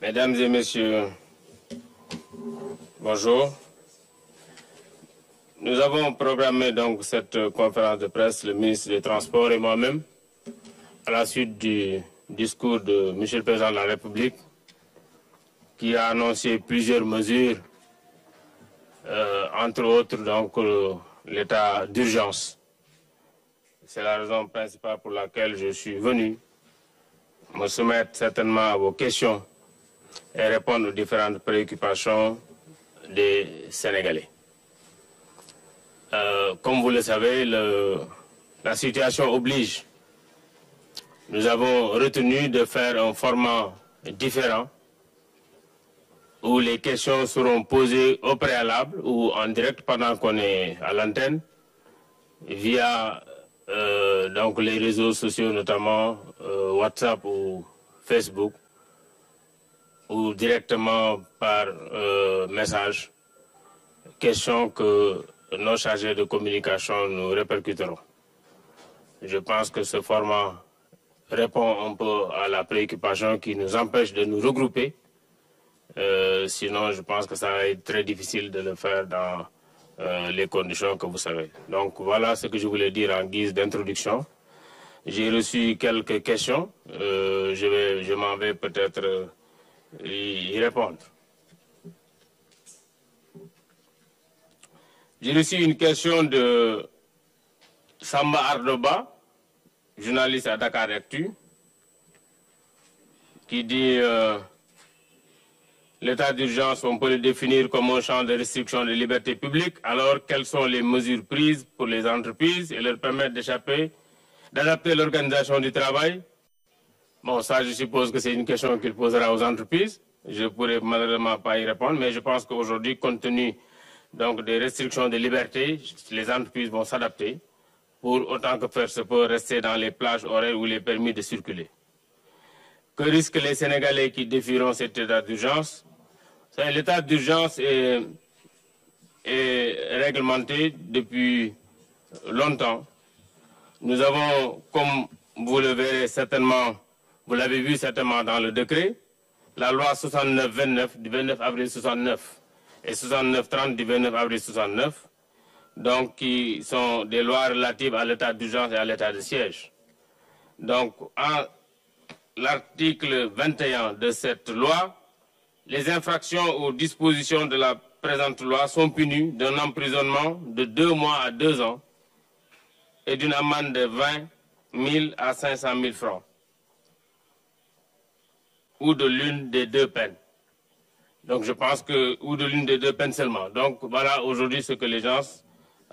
Mesdames et messieurs, bonjour. Nous avons programmé donc cette conférence de presse, le ministre des Transports et moi-même, à la suite du discours de M. le Président de la République, qui a annoncé plusieurs mesures, euh, entre autres donc euh, l'état d'urgence. C'est la raison principale pour laquelle je suis venu me soumettre certainement à vos questions et répondre aux différentes préoccupations des Sénégalais. Euh, comme vous le savez, la situation oblige. Nous avons retenu de faire un format différent où les questions seront posées au préalable ou en direct pendant qu'on est à l'antenne via euh, donc les réseaux sociaux, notamment euh, WhatsApp ou Facebook ou directement par euh, message, Questions que nos chargés de communication nous répercuteront. Je pense que ce format répond un peu à la préoccupation qui nous empêche de nous regrouper. Euh, sinon, je pense que ça va être très difficile de le faire dans les conditions que vous savez. Donc voilà ce que je voulais dire en guise d'introduction. J'ai reçu quelques questions. Euh, je vais, je m'en vais peut-être euh, y répondre. J'ai reçu une question de Samba Ardoba, journaliste à Dakar Actu, qui dit euh, l'état d'urgence, on peut le définir comme un champ de restriction de liberté publique. Alors, quelles sont les mesures prises pour les entreprises et leur permettre d'échapper d'adapter l'organisation du travail. Bon, ça, je suppose que c'est une question qu'il posera aux entreprises. Je ne pourrais malheureusement pas y répondre, mais je pense qu'aujourd'hui, compte tenu des restrictions de liberté, les entreprises vont s'adapter pour, autant que faire se peut, rester dans les plages horaires où il est permis de circuler. Que risquent les Sénégalais qui défieront cet état d'urgence L'état d'urgence est réglementé depuis longtemps nous avons, comme vous le verrez certainement, vous l'avez vu certainement dans le décret, la loi 69-29 du 29 avril 69 et 69-30 du 29 avril 69, donc qui sont des lois relatives à l'état d'urgence et à l'état de siège. Donc, en l'article 21 de cette loi, les infractions aux dispositions de la présente loi sont punies d'un emprisonnement de deux mois à deux ans et d'une amende de 20 000 à 500 000 francs ou de l'une des deux peines. Donc je pense que, ou de l'une des deux peines seulement. Donc voilà aujourd'hui ce que les gens,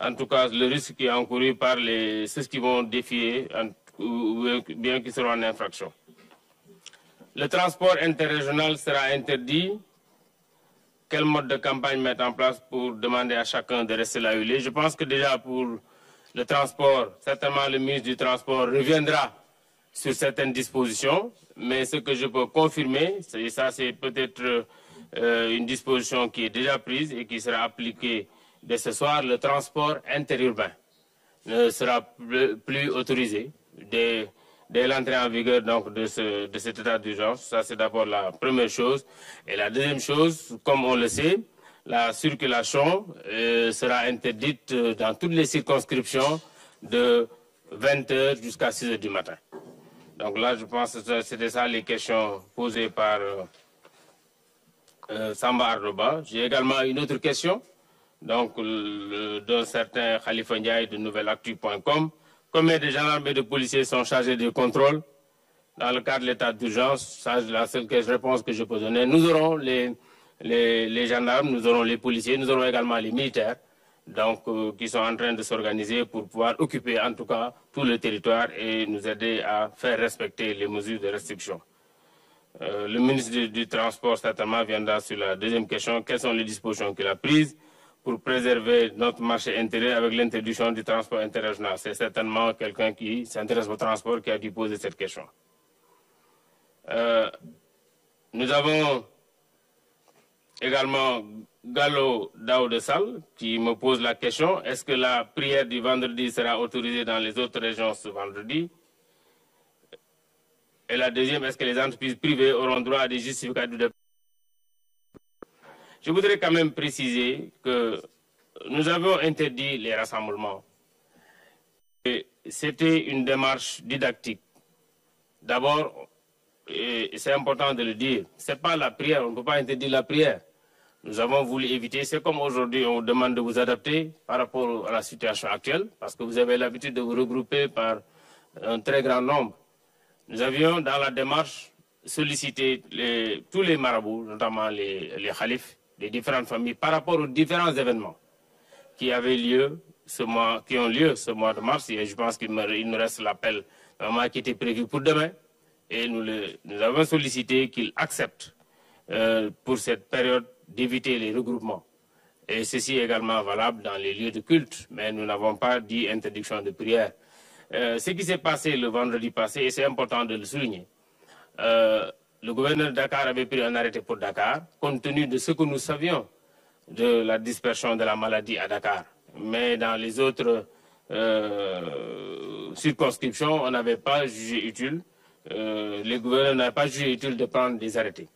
en tout cas le risque qui est encouru par les, ceux qui vont défier bien qu'ils seront en infraction. Le transport interrégional sera interdit. Quel mode de campagne mettre en place pour demander à chacun de rester là où Je pense que déjà pour le transport, certainement le ministre du Transport reviendra sur certaines dispositions, mais ce que je peux confirmer, et ça c'est peut-être euh, une disposition qui est déjà prise et qui sera appliquée dès ce soir, le transport interurbain ne sera plus autorisé dès, l'entrée en vigueur donc, de, de cet état d'urgence. Ça c'est d'abord la première chose. Et la deuxième chose, comme on le sait, la circulation euh, sera interdite euh, dans toutes les circonscriptions de 20h jusqu'à 6h du matin. Donc là, je pense que c'était ça les questions posées par euh, euh Samba Arroba. J'ai également une autre question, donc d'un certain Khalifa Ndiaye de nouvelactu.com. Combien de gendarmes et de policiers sont chargés de contrôle dans le cadre de l'état d'urgence C'est la seule réponse que je peux donner. Nous aurons les les, gendarmes, nous aurons les policiers, nous aurons également les militaires, donc euh, qui sont en train de s'organiser pour pouvoir occuper en tout cas tout le territoire et nous aider à faire respecter les mesures de restriction. Euh, le ministre du, Transport, certainement, viendra sur la deuxième question. Quelles sont les dispositions qu'il a prises pour préserver notre marché intérieur avec l'introduction du transport interrégional C'est certainement quelqu'un qui s'intéresse au transport qui a dû poser cette question. Euh, nous avons également Gallo de qui me pose la question est-ce que la prière du vendredi sera autorisée dans les autres régions ce vendredi Et la deuxième, est-ce que les entreprises privées auront droit à des justificatifs de Je voudrais quand même préciser que nous avons interdit les rassemblements. C'était une démarche didactique. D'abord, c'est important de le dire, ce n'est pas la prière, on ne peut pas interdire la prière nous avons voulu éviter, c'est comme aujourd'hui, on vous demande de vous adapter par rapport à la situation actuelle, parce que vous avez l'habitude de vous regrouper par un très grand nombre. Nous avions, dans la démarche, sollicité tous les marabouts, notamment les, les khalifs des différentes familles, par rapport aux différents événements qui avaient lieu ce mois, qui ont lieu ce mois de mars. Et je pense qu'il nous reste l'appel qui était prévu pour demain. Et nous, nous avons sollicité qu'ils acceptent euh, pour cette période d'éviter les regroupements. Et ceci est également valable dans les lieux de culte, mais nous n'avons pas dit interdiction de prière. Euh, ce qui s'est passé le vendredi passé, et c'est important de le souligner, euh, le gouverneur de Dakar avait pris un arrêté pour Dakar, compte tenu de ce que nous savions de la dispersion de la maladie à Dakar. Mais dans les autres euh, circonscriptions, on n'avait pas jugé utile, les gouverneur n'avaient pas jugé utile de prendre des arrêtés.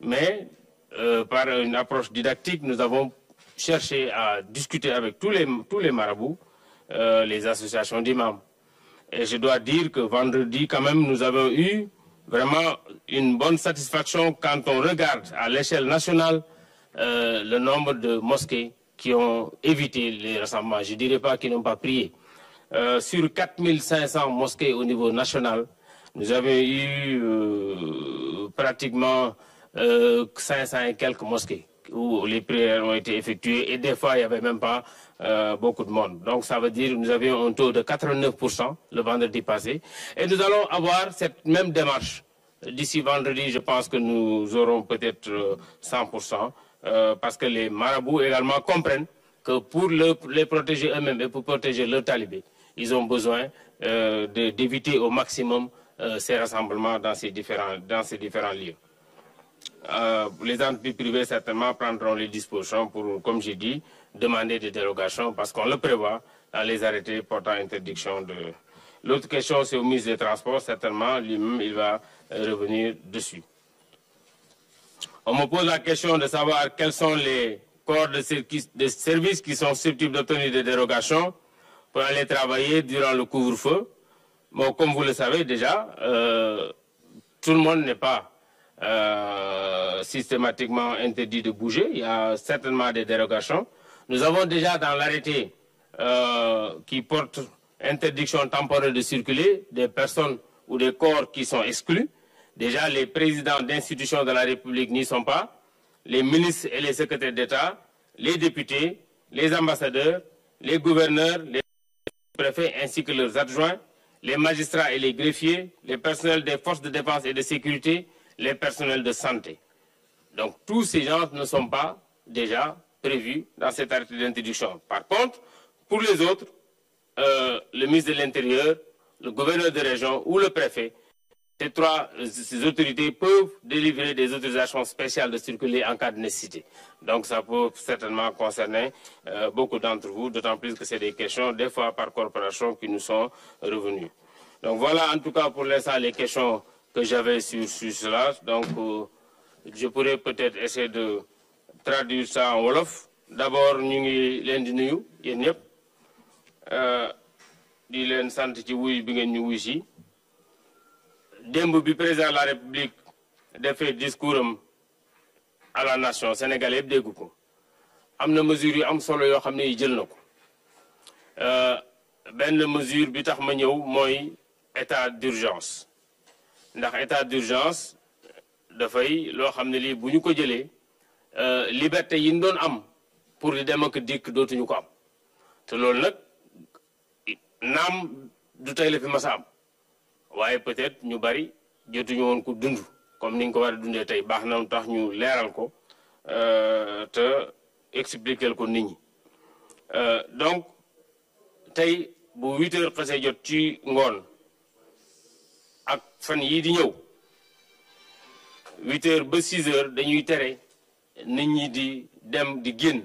Mais euh, par une approche didactique, nous avons cherché à discuter avec tous les, tous les marabouts, euh, les associations d'imams. Et je dois dire que vendredi, quand même, nous avons eu vraiment une bonne satisfaction quand on regarde à l'échelle nationale euh, le nombre de mosquées qui ont évité les rassemblements. Je ne dirais pas qu'ils n'ont pas prié. Euh, sur 4500 mosquées au niveau national, nous avons eu pratiquement 500 euh, et quelques mosquées où les prières ont été effectuées et des fois il n'y avait même pas euh, beaucoup de monde. Donc ça veut dire que nous avions un taux de 89% le vendredi passé et nous allons avoir cette même démarche. D'ici vendredi, je pense que nous aurons peut-être 100% euh, parce que les marabouts également comprennent que pour les protéger eux-mêmes et pour protéger leurs talibés, ils ont besoin d'éviter au maximum ces rassemblements dans ces différents lieux. Euh, les entreprises privées certainement prendront les dispositions pour, comme j'ai dit, demander des dérogations parce qu'on le prévoit dans les arrêtés portant interdiction de. L'autre question, c'est au ministre des Transports. Certainement, lui-même, il va euh, revenir dessus. On me pose la question de savoir quels sont les corps de, services qui sont susceptibles d'obtenir des dérogations pour aller travailler durant le couvre-feu. Bon, comme vous le savez déjà, euh, tout le monde n'est pas euh, systématiquement interdit de bouger. Il y a certainement des dérogations. Nous avons déjà dans l'arrêté euh, qui porte interdiction temporaire de circuler des personnes ou des corps qui sont exclus. Déjà, les présidents d'institutions de la République n'y sont pas. Les ministres et les secrétaires d'État, les députés, les ambassadeurs, les gouverneurs, les préfets ainsi que leurs adjoints, les magistrats et les greffiers, les personnels des forces de défense et de sécurité, les personnels de santé. Donc tous ces gens ne sont pas déjà prévus dans cet article d'introduction. Par contre, pour les autres, euh, le ministre de l'Intérieur, le gouverneur de région ou le préfet, ces trois ces autorités peuvent délivrer des autorisations spéciales de circuler en cas de nécessité. Donc ça peut certainement concerner euh, beaucoup d'entre vous, d'autant plus que c'est des questions des fois par corporation qui nous sont revenues. Donc voilà en tout cas pour l'instant les questions que j'avais sur, cela. Donc, euh, je pourrais peut-être essayer de traduire ça en wolof. D'abord, ñu ngi leen di nuyu yéen ñëpp euh, di leen sant ci wuy bi ngeen ñu wuy président de la république un discours à la nation sénégalaise. Nous dégg ko mesure yu am solo yoo xam jël euh, mesure bi tax ma d'urgence ndax état d'urgence euh, dafay loo xam ne lii bu ñu ko jëlee euh, liberté yi ñu doon am pour di dem ak dikk dootuñu ko am te loolu nag naam du tey la fi mas am waaye peut-être ñu bari jotuñu woon ko dund comme ni ñu ko war a dundee tey baax na tax ñu leeral ko euh, te expliquer ko nit ñi donc tey bu huit heures jot ci ngoon fan yii di ñëw huit ba six heures dañuy tere nit ñi di dem di génn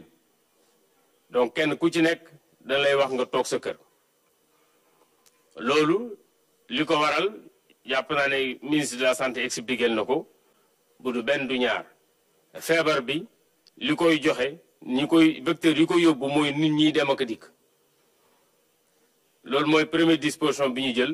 donc kenn ku ci nekk da lay wax nga toog sa kër loolu li ko waral jàpp naa ne ministre de la santé expliqué na ko bu du benn du ñaar feebar bi li koy joxe ñi koy vecteur yi koy yóbbu mooy nit ñiy dem ak a dikk loolu mooy premier disposition bi ñu jël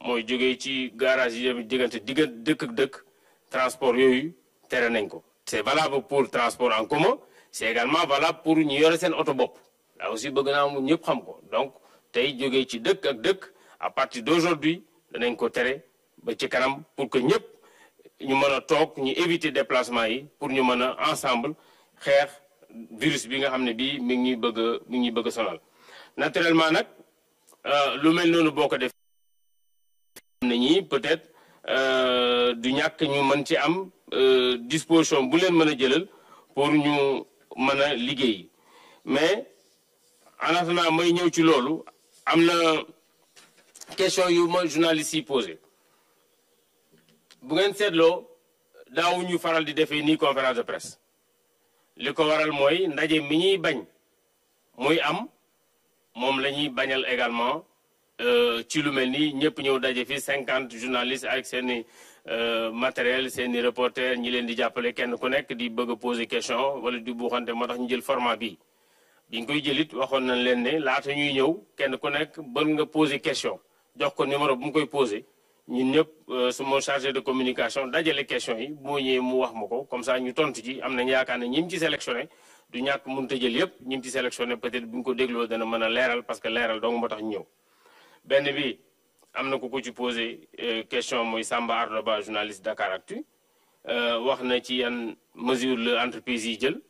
moy jógee ci garage yi diganté diggante diggante dëkk ak dëkk transport yoyu téré nañ ko. c'est valable pour transport en commun c'est également valable pour ñu yoré sen auto bop là aussi bëgg naa mu ñëpp xam ko donc tay jógee ci dëkk ak dëkk à partir d'aujourd'hui danañ ko téré ba ci kanam pour que ñëpp ñu mëna tok ñu éviter déplacement yi pour ñu mëna ensemble xeex virus bi nga xamné bi mi ngi bëgg mi ngi bëgg a sonal naturellement euh lu mel nonu boko ko def ne ñi peut-être euh, du ñàkk ñu mën ci am euh, disposition bu leen mën a jëlal pour ñu mën a liggéey mais en attendant may ñëw ci loolu am na question yu ma journaliste yi posé bu ngeen seetloo daawu ñu faral di defee nii conférence de presse li ko waral mooy ndaje mi ñuy bañ muy am moom la ñuy bañal également Euh, ci lu mel nii ñëpp ñëw daje fi 50 journalistes avec seen i euh, matériel seen i reporter ñi leen di jàppale kenn ku nekk di bëgg poser question wala di buuxante moo tax ñu jël format bi biñ koy jëlit waxoon nañ leen ne laata ñuy ñëw kenn ku nekk bëgg nga poser question jox ko numéro bu mu koy poser ñun ñëpp euh, su ma chargé de communication dajale question yi boo ñëwee mu wax ma ko comme ça ñu tontu ci am nañ yaakaar ne ñim ci sélectionné du ñàkk mënut a jël yëpp ñim ci sélectionné peut-être bu ñu ko dégloo dana mën a leeral parce que leeral dong moo tax ñëw benn bi am na ko ko ci posé euh, question mooy Samba Ardo Ba journaliste Dakaractu euh, wax na ci yan mesure la entreprise yi jël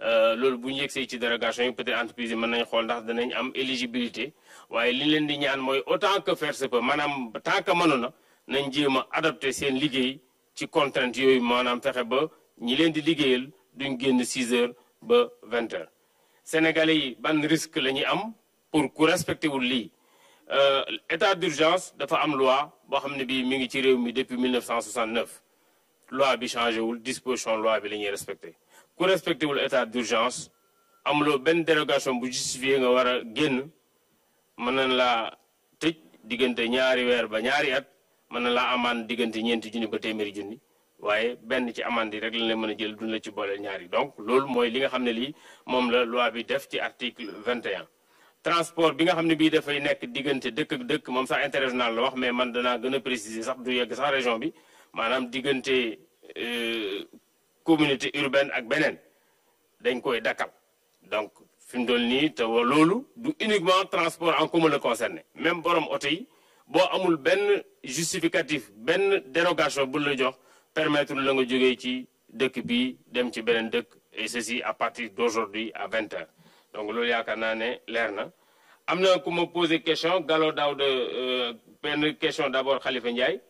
euh, loolu bu ñu yegsee ci dérogation yi peut-être entreprise yi mën nañ xool ndax danañ am éligibilité waaye li leen di ñaan mooy autant que faire se peut maanaam tant que mënu na nañ jéem a adapté seen liggéey ci contrainte yooyu maanaam fexe ba ñi leen di liggéeyal duñ génn 6 heures ba 20 heures sénégalais yi ban risque la ñuy am pour ku respecté wul lii Euh, état d'urgence dafa am loi bo xam bi mi ngi ci réew mi depuis 1969 loi bi changé wul disposition loi bi la ñuy respecter. ku respecté wul état d'urgence amuloo ben dérogation bu justifié nga wara a génn mën nañ laa tëj diggante ñaari wër ba ñaari at man na la amane diggante ñent junni ba téeméeri junni waye ben ci amane di rek la mën a jël duñ la ci booleel ñaari donc lool moy li nga xam li mom la loi bi def ci article 21 transport bi nga xam bi da fay nek digënté dëkk ak dëkk moom sax interrégional la wax mais man dana gëna préciser sax du yegg sax région bi maanaam diggante euh, communauté urbaine ak benen dañ koy dakal donc fim mu ni nii te du uniquement transport en commun le concerné même borom auto yi bo amul ben justificatif ben dérogation bu la jox permettre la nga jógee ci dëkk bi dem ci benen dëkk et ceci à partir d'aujourd'hui à vingt heures donc loolu yaakaar naa ne leer na am na ku ma posé question Gallo de euh, benn question d' abord Khalifa Ndiaye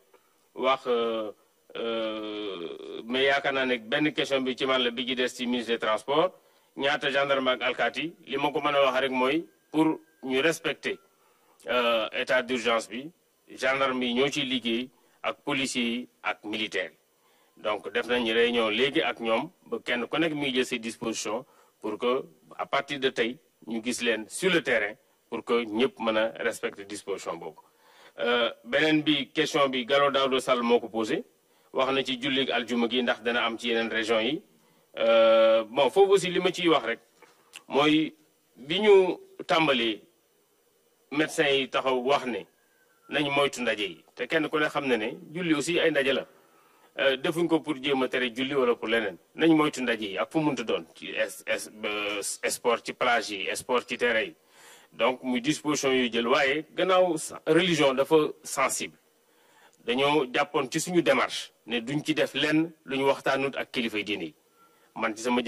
wax euh, euh, mais yaakaar naa ne benn question bi ci man la bi ci des ci ministre des transports ñaata gendarme ak alkaati li ma ko mën a wax rek mooy pour ñu respecter état d' urgence bi gendarme yi ñoo liggéey ak police yi ak militaire. donc def nañ réunion léegi ak ñoom ba kenn ku nekk mi ngi jël ses dispositions pour que à partir de tey ñu gis leen sur le terrain pour que ñëpp mën a respecter disposition boobu. Euh, beneen bi question bi Gallo Daouda Sall moo ko posé wax na ci jullig aljuma gi ndax dana am ci yeneen région yi euh, bon foofu aussi li ma ciy wax rek mooy bi ñu tàmbali médecins yi taxaw wax ne nañ moytu ndaje yi te kenn ku ne xam na ne julli aussi ay ndaje la. Euh, defuñ ko pour jéem tere julli wala pour leneen nañ moytu ne ak fu doon sport plage sport ci donc muy disposition yu jël waaye religion dafa sensible dañoo jàppoon ci suñu démarche ne duñ ci def lenn lu ñu waxtaanut ak yi man ci sama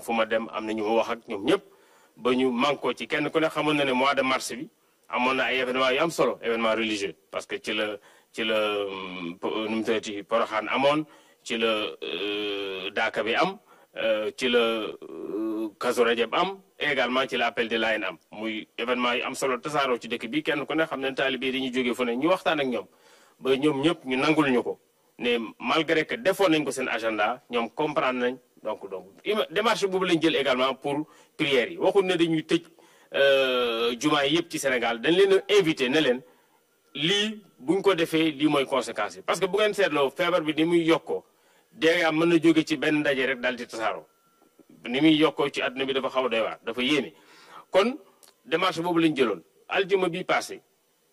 fu ma dem ñu wax ne mois de mars bi événement yu am solo événement religieux parce que ci ci la euh, num mu tëddee poroxaan amoon ci la euh, daaka bi am euh, ci la kazu rajab am également ci la appel de Layène am muy événement yu am solo tasaaroo ci dëkk bi kenn ku ne xam ne taalibe yi dañuy jógee fu ne ñu waxtaan ak ñoom ba ñoom ñëpp ñu nangul ñu ko ne malgré que defoon nañ ko seen agenda ñoom comprendre nañ donc donc démarche boobu lañ jël également pour prière yi waxul ne dañuy tëj jumaa yi yëpp ci Sénégal dañ leen a invité ne leen. lii buñ ko defee lii mooy conséquence parce que bu ngeen seetloo feebar bi ni muy yokkoo dee am mën na jóge ci benn ndaje rek daal di tasaaroo ni muy yokkoo ci àdduna bi dafa xaw a doy waar dafa yéeme. kon démarche boobu lañ jëloon aljuma bi passé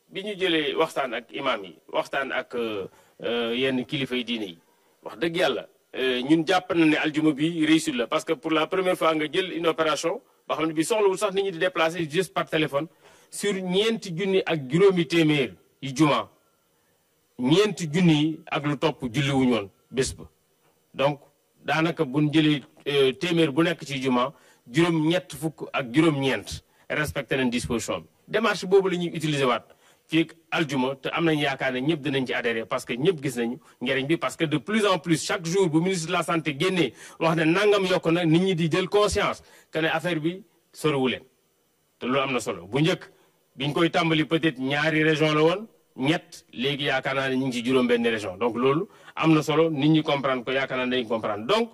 bi ñu jëlee waxtaan ak imaam yi waxtaan ak euh, euh, yenn kilifa yi diine yi wax dëgg yàlla euh, ñun jàpp na ne aljuma bi réussite la parce que pour la première fois nga jël une opération ba xam ne bi soxlawul sax nit ñu di déplacer juste par téléphone sur ñeenti junni ak juróomi téeméer. yi juma ñeenti junni yi ak lu topp julliwuñu woon bés ba donc daanaka buñ jëlee euh, téeméer bu nekk ci juma juróom-ñett fukk ak juróom-ñeent respecté nañ disposition bi démarche boobu la ñuy utiliser waat fii aljuma te am nañ yaakaar ne ñëpp dinañ ci adhéré parce que ñëpp gis nañu njëriñ bi parce que de plus en plus chaque jour bu ministre de la santé génnee wax ne nangam yokk na nit ñi di jël conscience que ne affaire bi soriwu leen te loolu am na solo bu njëkk biñ région la ñett léegi yaakaar naa ne ñu ngi ci juróom-benn région donc loolu am na solo nit ñi comprendre ko yaakaar naa ne dañu comprendre donc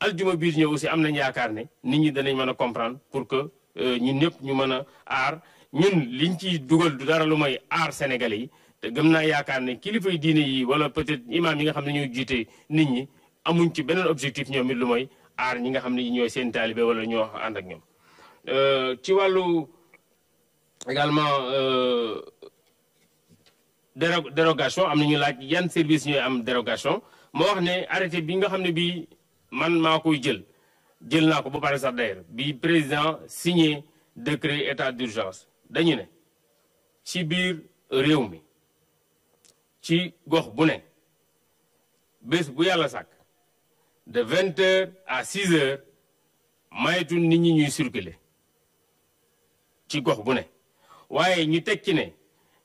aljuma biir ñëw aussi am nañu yaakaar ne nit ñi danañ mën a comprendre pour que euh, ñun ñëpp ñu mën a aar ñun liñ ci dugal du dara lu mooy aar sénégalais yi te gëm naa yaakaar ne kilifa yi diine yi wala peut-être imaam yi nga xam ne ñoo jiite nit ñi amuñ ci benn objectif ñoom it lu mooy aar ñi nga xam ne ñooy seen taalibe wala ñoo ànd ak ñoom euh, ci wàllu dérogation am ñu laaj service de am dérogation mo wax ne arrêté bi nga xamné bi man jël jël ko ba sax d'ailleurs bi président signé décret état d'urgence dañu né ci biir réew mi ci gox bu bu de 20h à 6h, maytu nit ñi ñuy circuler ci gox bu Oui, waaye ñu teg ci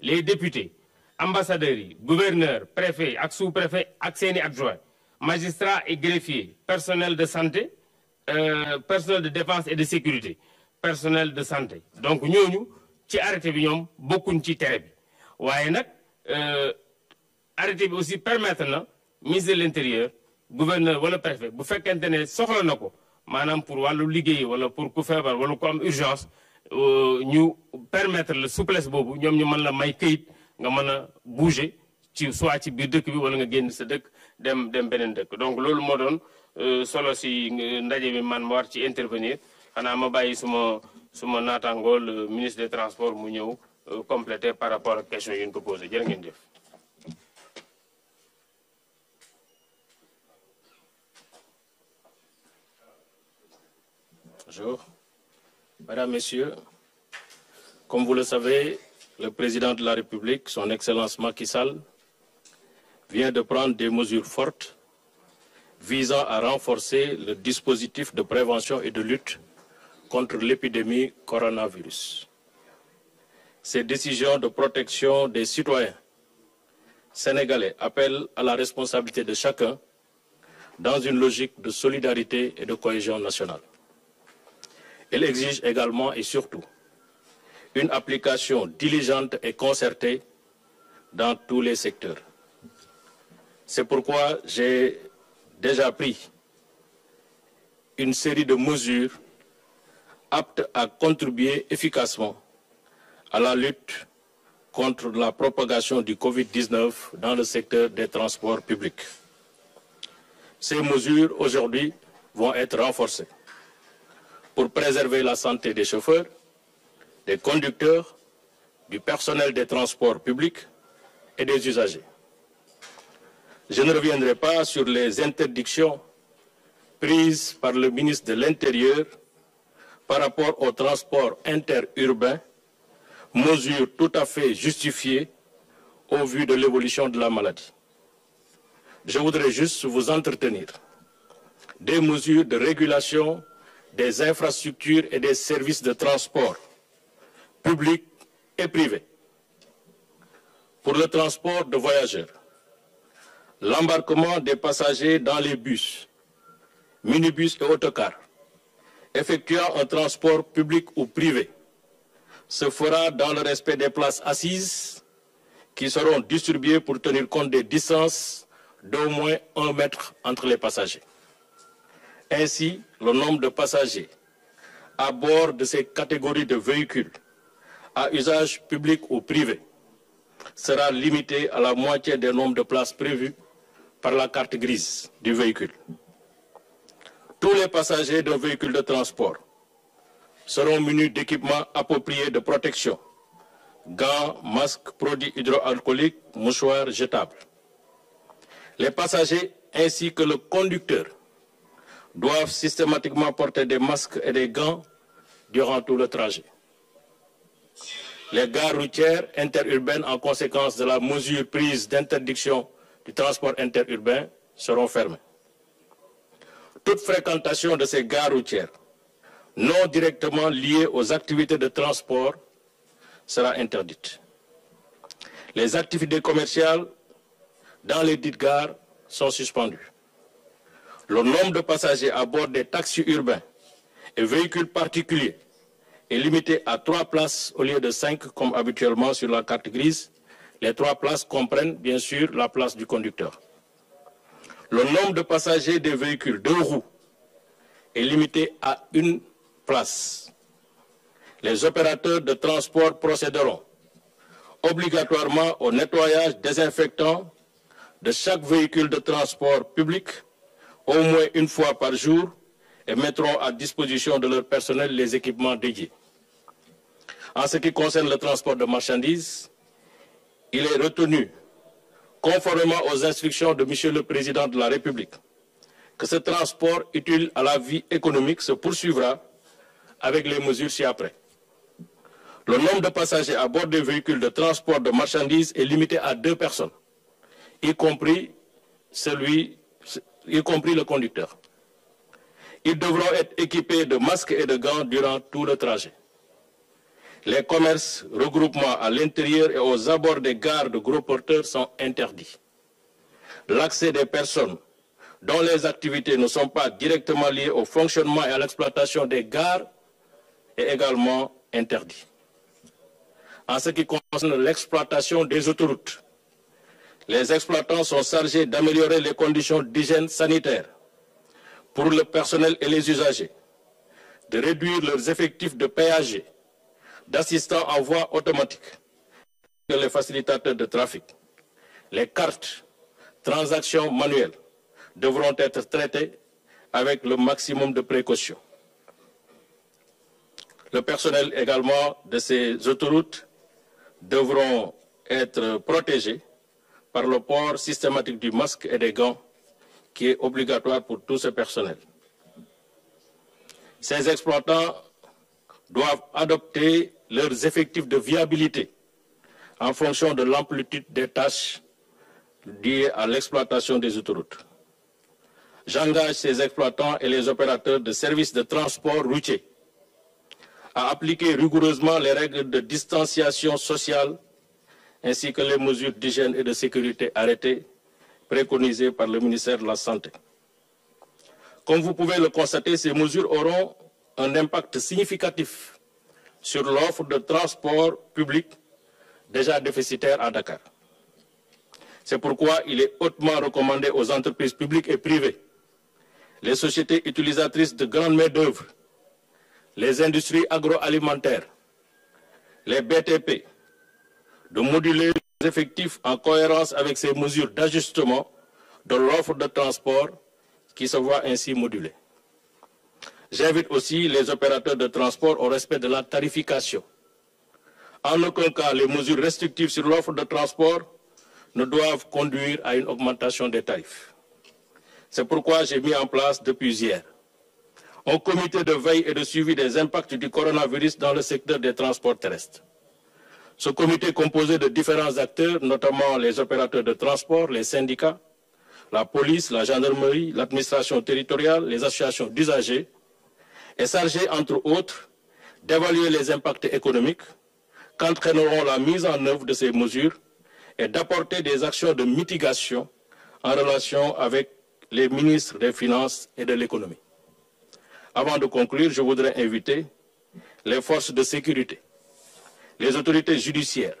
les députés ambassadeurs gouverneurs préfets sous-préfets adjoints magistrats et greffiers personnel de santé euh, personnel de défense et de sécurité personnel de santé donc nous, nous, arrêté nous, beaucoup de arrêté aussi permettre nous ministre de l'intérieur gouverneur wala préfet bu nous, pour pour urgence euh, ñu permettre la souplesse boobu ñoom ñu mën la may këyit nga mën a bouger ci soit ci biir dëkk bi wala nga génn sa dëkk dem dem beneen dëkk donc loolu moo doon euh, solo si ndaje bi man ma war ci intervenir xanaa ma bàyyi suma suma naataangoo le ministre des transports mu ñëw euh, compléter par rapport ak question yi ñu ko posé jërë ngeen jëf. Bonjour. Mesdames, Messieurs, comme vous le savez, le président de la République, son Excellence Macky Sall, vient de prendre des mesures fortes visant à renforcer le dispositif de prévention et de lutte contre l'épidémie coronavirus. Ces décisions de protection des citoyens sénégalais appellent à la responsabilité de chacun dans une logique de solidarité et de cohésion nationale. Elle exige également et surtout une application diligente et concertée dans tous les secteurs. C'est pourquoi j'ai déjà pris une série de mesures aptes à contribuer efficacement à la lutte contre la propagation du Covid-19 dans le secteur des transports publics. Ces mesures aujourd'hui vont être renforcées pour préserver la santé des chauffeurs, des conducteurs, du personnel des transports publics et des usagers. Je ne reviendrai pas sur les interdictions prises par le ministre de l'Intérieur par rapport au transport interurbain, mesure tout à fait justifiée au vu de l'évolution de la maladie. Je voudrais juste vous entretenir des mesures de régulation des infrastructures et des services de transport, publics et privés. Pour le transport de voyageurs, l'embarquement des passagers dans les bus, minibus et autocars, effectuant un transport public ou privé, se fera dans le respect des places assises qui seront distribuées pour tenir compte des distances d'au moins un mètre entre les passagers. Ainsi, le nombre de passagers à bord de ces catégories de véhicules à usage public ou privé sera limité à la moitié des nombre de places prévues par la carte grise du véhicule. Tous les passagers d'un véhicule de transport seront munis d'équipements appropriés de protection, gants, masques, produits hydroalcooliques, mouchoirs jetables. Les passagers ainsi que le conducteur doivent systématiquement porter des masques et des gants durant tout le trajet. Les gares routières interurbaines, en conséquence de la mesure prise d'interdiction du transport interurbain, seront fermées. Toute fréquentation de ces gares routières non directement liées aux activités de transport sera interdite. Les activités commerciales dans les dites gares sont suspendues le nombre de passagers à bord des taxis urbains et véhicules particuliers est limité à trois places au lieu de cinq comme habituellement sur la carte grise. Les trois places comprennent bien sûr la place du conducteur. Le nombre de passagers des véhicules de roues est limité à une place. Les opérateurs de transport procéderont obligatoirement au nettoyage désinfectant de chaque véhicule de transport public au moins une fois par jour et mettront à disposition de leur personnel les équipements dédiés. En ce qui concerne le transport de marchandises, il est retenu, conformément aux instructions de M. le Président de la République, que ce transport utile à la vie économique se poursuivra avec les mesures ci-après. Le nombre de passagers à bord des véhicules de transport de marchandises est limité à deux personnes, y compris celui y compris le conducteur. Ils devront être équipés de masques et de gants durant tout le trajet. Les commerces, regroupements à l'intérieur et aux abords des gares de gros porteurs sont interdits. L'accès des personnes dont les activités ne sont pas directement liées au fonctionnement et à l'exploitation des gares est également interdit. En ce qui concerne l'exploitation des autoroutes, les exploitants sont chargés d'améliorer les conditions d'hygiène sanitaire pour le personnel et les usagers, de réduire leurs effectifs de péage, d'assistants en voie automatique, que les facilitateurs de trafic. Les cartes, transactions manuelles devront être traitées avec le maximum de précautions. Le personnel également de ces autoroutes devront être protégés par le port systématique du masque et des gants qui est obligatoire pour tout ce personnel. Ces exploitants doivent adopter leurs effectifs de viabilité en fonction de l'amplitude des tâches liées à l'exploitation des autoroutes. J'engage ces exploitants et les opérateurs de services de transport routier à appliquer rigoureusement les règles de distanciation sociale ainsi que les mesures d'hygiène et de sécurité arrêtées, préconisées par le ministère de la Santé. Comme vous pouvez le constater, ces mesures auront un impact significatif sur l'offre de transport public déjà déficitaire à Dakar. C'est pourquoi il est hautement recommandé aux entreprises publiques et privées, les sociétés utilisatrices de grandes main-d'œuvre, les industries agroalimentaires, les BTP, de moduler les effectifs en cohérence avec ces mesures d'ajustement de l'offre de transport qui se voit ainsi modulée. J'invite aussi les opérateurs de transport au respect de la tarification. En aucun cas, les mesures restrictives sur l'offre de transport ne doivent conduire à une augmentation des tarifs. C'est pourquoi j'ai mis en place depuis hier un comité de veille et de suivi des impacts du coronavirus dans le secteur des transports terrestres. Ce comité composé de différents acteurs, notamment les opérateurs de transport, les syndicats, la police, la gendarmerie, l'administration territoriale, les associations d'usagers, est chargé, entre autres, d'évaluer les impacts économiques qu'entraîneront la mise en œuvre de ces mesures et d'apporter des actions de mitigation en relation avec les ministres des Finances et de l'économie. Avant de conclure, je voudrais inviter les forces de sécurité les autorités judiciaires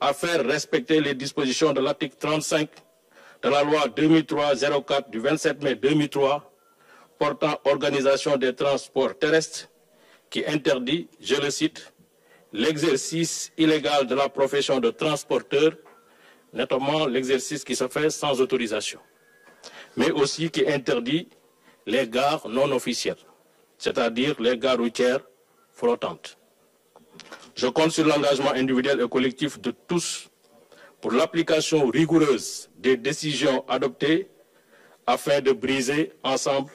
à faire respecter les dispositions de l'article 35 de la loi 2003-04 du 27 mai 2003 portant organisation des transports terrestres qui interdit, je le cite, l'exercice illégal de la profession de transporteur, notamment l'exercice qui se fait sans autorisation, mais aussi qui interdit les gares non officielles, c'est-à-dire les gares routières flottantes. Je compte sur l'engagement individuel et collectif de tous pour l'application rigoureuse des décisions adoptées afin de briser ensemble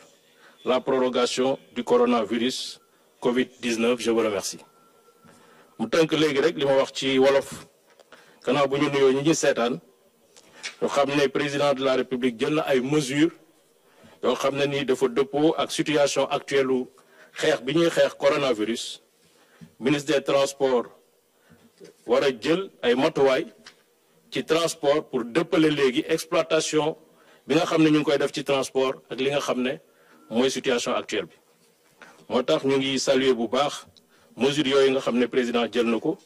la prorogation du coronavirus Covid-19. Je vous remercie. mu avons président de la république mesures situation actuelle coronavirus ministre des transports war Djel, jël ay ci transport pour dépeler léegi exploitation bi nga xam ne ñu koy def ci transport ak li nga xam situation actuelle bi moo tax ñu ngi saluer bu baax mesures yooyu nga xam président jël na ko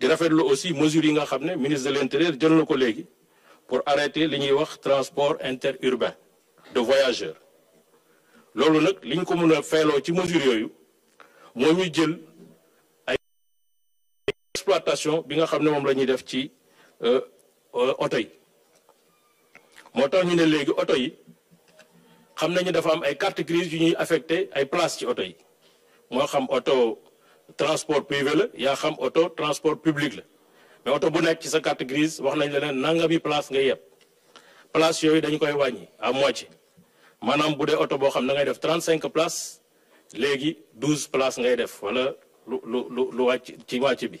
di rafetlu aussi mesure yi nous xam ministre de l'intérieur jël na pour arrêter li wax transport interurbain de voyageurs loolu nak liñ ko mëna félo ci mesure yooyu moo ñu jël exploitation bi nga xam ne moom la ñuy def ci euh, euh, oto yi moo tax ñu ne léegi oto yi xam nañu dafa am ay carte yu ñuy affecté ay place ci oto yi moo xam oto transport privé la yaa xam oto transport public la oto bu nekk ci sa carte wax nañ la ne nangami place ngay yeb place yooyu dañu koy wàññi à moitié maanaam bu dee oto boo xam ne ngay def cinq place léegi 12 place ngay def wala lu lu lu wàcc ci wàcc bi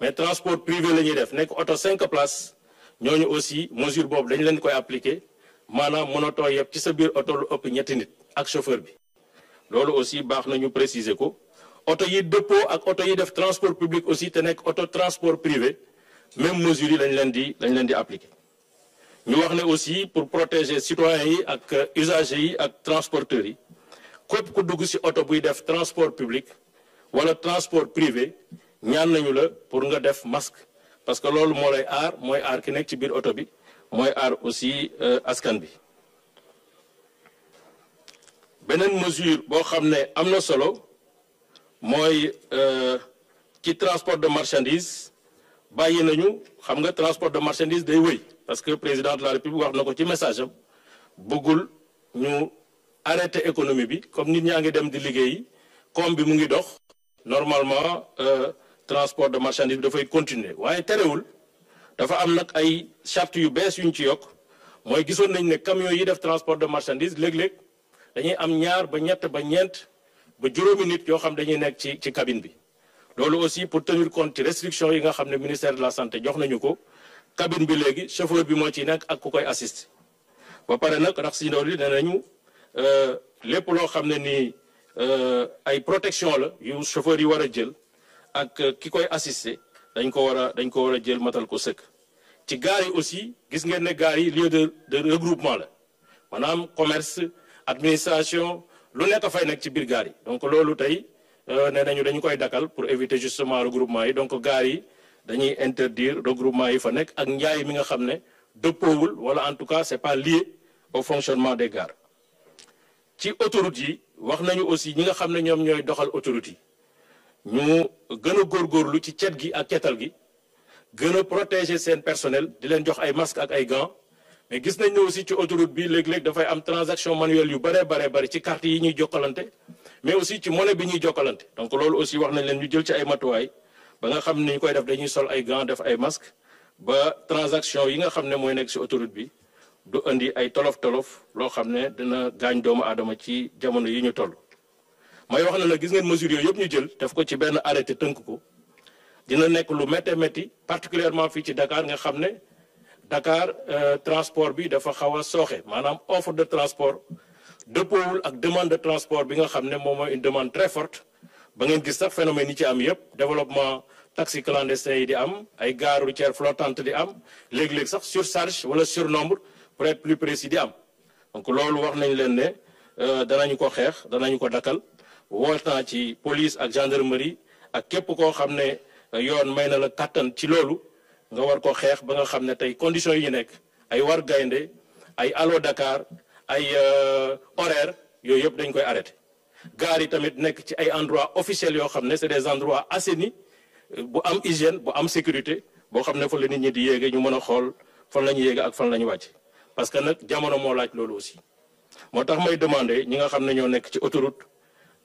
mais transport privé la ñuy def nekk oto cinq places ñooñu aussi mesure boobu dañ leen koy appliquer maanaam mënatoo yeb ci sa biir oto lu ëpp ñetti nit ak chauffeur bi loolu aussi baax na ñu préciser ko oto yi dépôt ak oto yi def transport public aussi te nekk oto transport privé même mesure yi lañ leen di lañ leen di appliquer ñu wax ne aussi pour protéger citoyens yi ak usagers yi ak transporteurs yi képp ku dugg ci oto buy def transport public wala transport privé ñaan nañu la pour nga def masque parce que loolu moo lay aar mooy aar ki nekk ci biir oto bi mooy aar aussi euh, askan bi beneen mesure boo xam ne am na solo mooy euh, ci transport de marchandise bàyyi nañu xam nga transport de marchandise day wëy parce que président de la république wax na ko ci message am bëggul ñu arrêté économie bi comme nit ñaa ngi dem di liggéey comme bi mu ngi dox normalement euh, transport de marchandises da fay continuer waaye terewul dafa am nak ay charte yu bees yuñ ci yok moy gisoon nañ ne camion transport de marchandises, leg leg dañuy am ñaar ba ñett ba ñent ba nit cabine bi. aussi pour tenir compte restriction yi nga ministère de la santé jox cabine bi chauffeur bi ak ku koy ba protection la chauffeur yi ak euh, ki koy assister dañ ko wara dañ ko wara jël matal ko sëkk ci gaar yi aussi gis ngeen ne gaar yi lieu de de regroupement la manam commerce administration lu nekk fay nak ci bir gaar yi donc lolu tay euh, nee nañu dañ koy dakal pour éviter justement regroupement yi donc gaar yi dañuy interdire regroupement yi fa nek ak njaay mi nga xam ne wala en tout cas c'est pas lié au fonctionnement des gares ci autoroutes yi wax nañu aussi ñi nga xam ñom ñoy doxal autoroutes yi ñu gën a góorgóorlu ci cet gi ak cetal gi gën a protéger seen personnel di leen jox ay masques ak ay gants mais gis nañ ne aussi ci autoroute bi léeg-léeg dafay am transaction manuelle yu bare bare bari ci carte yi ñuy jokkalante mais aussi ci monnaie bi ñuy jokkalante donc loolu aussi wax nañ leen ñu jël ci ay matuwaay ba nga xam ni ñu koy def dañuy sol ay gants def ay masques ba transaction yi nga xam ne mooy nekk ci autoroute bi du indi ay tolof tolof loo xam ne dina gaañ doomu aadama ci jamono yi ñu toll. may wax na la gis ngeen mesures yooyu yëpp ñu jël def ko ci benn arrêté tënk ko dina nekk lu méttee métti particulièrement fii ci dakaar nga xam ne Dakar euh, transport bi dafa xaw sooxe maanaam offre de transport dëppoowul ak demande de transport bi nga xam ne moom mooy une demande très forte ba ngeen gis sax phénomène yi ci am yëpp développement taxi clandestin yi di am ay gare routière flottante di am léeg-léeg sax surcharge wala surnombre pour être plus précis di am donc loolu wax nañ leen ne euh, danañu ko xeex danañu ko dakkal woote naa ci police ak gendarmerie ak képp koo xam ne yoon may na la kàttan ci loolu nga war ko xeex ba nga xam ne tey conditions yi nekk ay war gaynde ay allo Dakar ay euh, horaire yooyu yëpp dañ koy arrêté gaar yi tamit nekk ci ay endroit officiels yoo xam ne c'est des endroits assainis bu am hygiène bu am sécurité boo xam ne fa la nit ñi di yéege ñu mën a xool fan la ñu yéege ak fan la ñu wàcc parce que nag jamono moo laaj loolu aussi moo tax may demander ñi nga xam ne ñoo nekk ci autoroute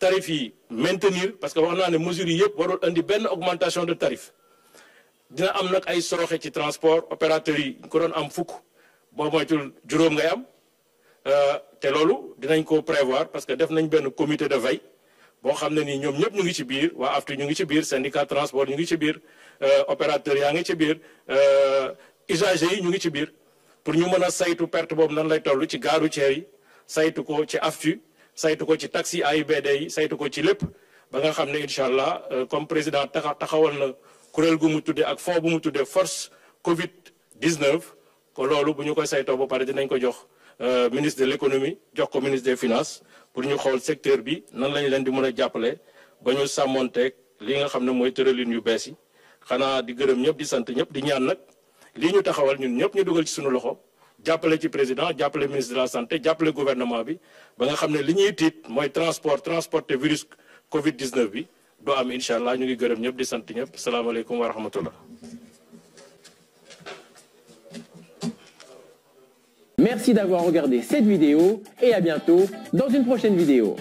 tarif yi maintenir parce que wax naa ne mesures yi yëpp warul indi benn augmentation de tarif dina am nag ay sooxe ci transport opérateurs yi ko doon am fukk boo moytul juróom ngay am euh, te loolu dinañ ko prévoir parce que def nañ benn comité de veille boo xam ne nii ñoom ñëpp ñu ngi ci biir waa AFTU ñu ngi ci biir syndicat transport ñu ngi ci biir euh, opérateur yaa ngi ci biir euh, usagers yi ñu ngi ci biir pour ñu mën a saytu perte boobu nan lay toll ci gaaru ceer yi saytu ko ci AFTU saytu ko ci taxi AIBD yi saytu ko ci lépp ba nga xam ne incha allah euh, comme président taxawal na kuréel gu mu tuddee ak fond bu mu tuddee force Covid 19. ko loolu bu ñu koy saytoo ba pare dinañ ko jox euh, ministre de l' économie jox ko ministre des finances pour ñu xool secteur bi nan lañ leen di mën a jàppale ba ñu sàmmonteeg li nga xam ne mooy tëralin yu bees yi xanaa di gërëm ñëpp di sant ñëpp di ñaan nag lii ñu taxawal ñun ñëpp ñu dugal ci suñu loxo. jàppale ci président jàppale ministre de la santé jàppale gouvernement bi ba nga xam ne li ñuy transport transporter virus Covid 19 bi doo am incha allah ñu ngi gërëm ñëpp di sant ñëpp salaamaaleykum wa Merci d'avoir regardé cette vidéo et à bientôt dans une prochaine vidéo.